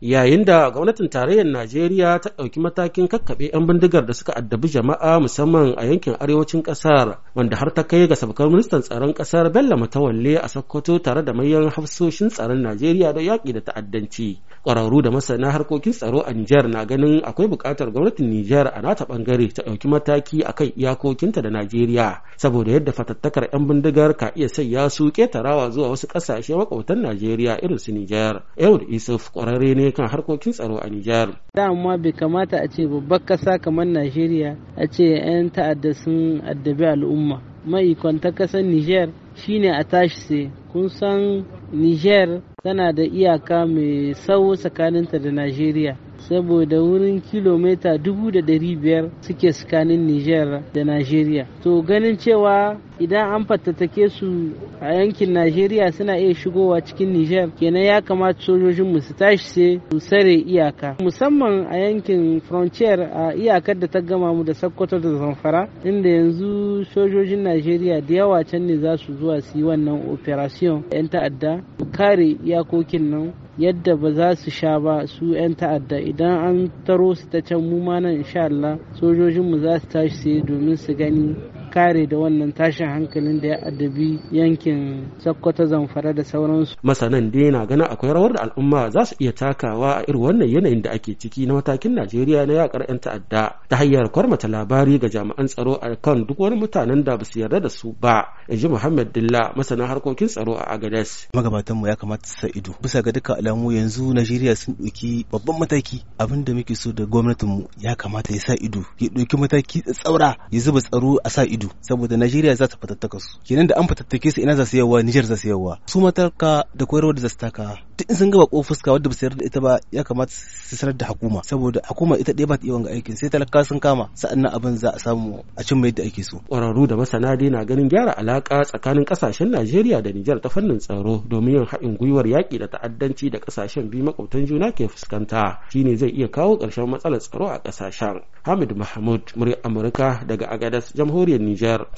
yayin da gwamnatin tarayyar najeriya ta ɗauki matakin kakkaɓe 'yan bindigar da suka addabi jama'a musamman a yankin arewacin ƙasar wanda har ta kai ga sabkar ministan tsaron ƙasar bello matawalle a sokoto tare da manyan hafsoshin tsaron najeriya don yaƙi da ta'addanci kwararru da masana harkokin tsaro a Nijar na ganin akwai bukatar gwamnatin Nijar a nata bangare ta ɗauki mataki a kan iyakokinta da Najeriya saboda yadda fatattakar 'yan bindigar ka iya sanya su ketarawa zuwa wasu ƙasashe maƙwabtan Najeriya irin su Nijar. da Isuf ƙwararre ne kan harkokin tsaro a Nijar. Dama bai kamata a ce babbar ƙasa kamar Najeriya a ce 'yan ta'adda sun addabi al'umma. Mai kwanta ƙasar Nijar shine a tashi sai kun san Nijar tana da iyaka mai tsawo tsakaninta da najeriya saboda wurin kilomita dubu da ɗari biyar suke tsakanin niger da najeriya to ganin cewa idan an fatattake su a yankin najeriya suna iya shigowa cikin niger kenan ya kamata sojojin su tashi sai su sare iyaka musamman a yankin frontier a iyakar da ta gama mu da sokoto da zamfara inda yanzu sojojin najeriya da yawa can ne za su zuwa su yi wannan operation 'yan ta'adda kare iyakokin nan yadda ba za su sha ba su 'yan ta'adda idan an taro su ta can mu nan insha Allah sojojinmu za su tashi sai domin su gani kare da wannan tashin hankalin da ya addabi yankin Sokoto Zamfara da sauransu. Masanan dai na ganin akwai rawar da al'umma za su iya takawa a irin wannan yanayin da ake ciki na matakin Najeriya na yakar 'yan ta'adda ta hanyar kwarmata labari ga jami'an tsaro a kan duk wani mutanen da ba su yarda da su ba. In ji Muhammad Dilla masanin harkokin tsaro a Agades. Magabatanmu ya kamata sa ido. Bisa ga duka alamu yanzu Najeriya sun ɗauki babban mataki abin da muke so da gwamnatinmu ya kamata ya sa ido ya ɗauki mataki tsaura ya zuba tsaro a sa ido saboda Najeriya za ta fatattaka su kenan da an fatattake su ina za su yawa Niger za su yawa su matarka da koyarwa da za su taka in sun gaba ko fuska wadda ba su da ita ba ya kamata su sanar da hukuma saboda hukuma ita ɗaya ba ta iya wanga aikin sai talaka sun kama sa'annan abin za a samu a cin mai ake so ƙwararru da masana dai na ganin gyara alaƙa tsakanin ƙasashen Najeriya da Nijar ta fannin tsaro domin yin haɗin gwiwar yaƙi da ta'addanci da ƙasashen biyu makwabtan juna ke fuskanta shine zai iya kawo ƙarshen matsalar tsaro a ƙasashen Hamid Mahmud muryar Amurka daga Agadas jamhuriyar Nijar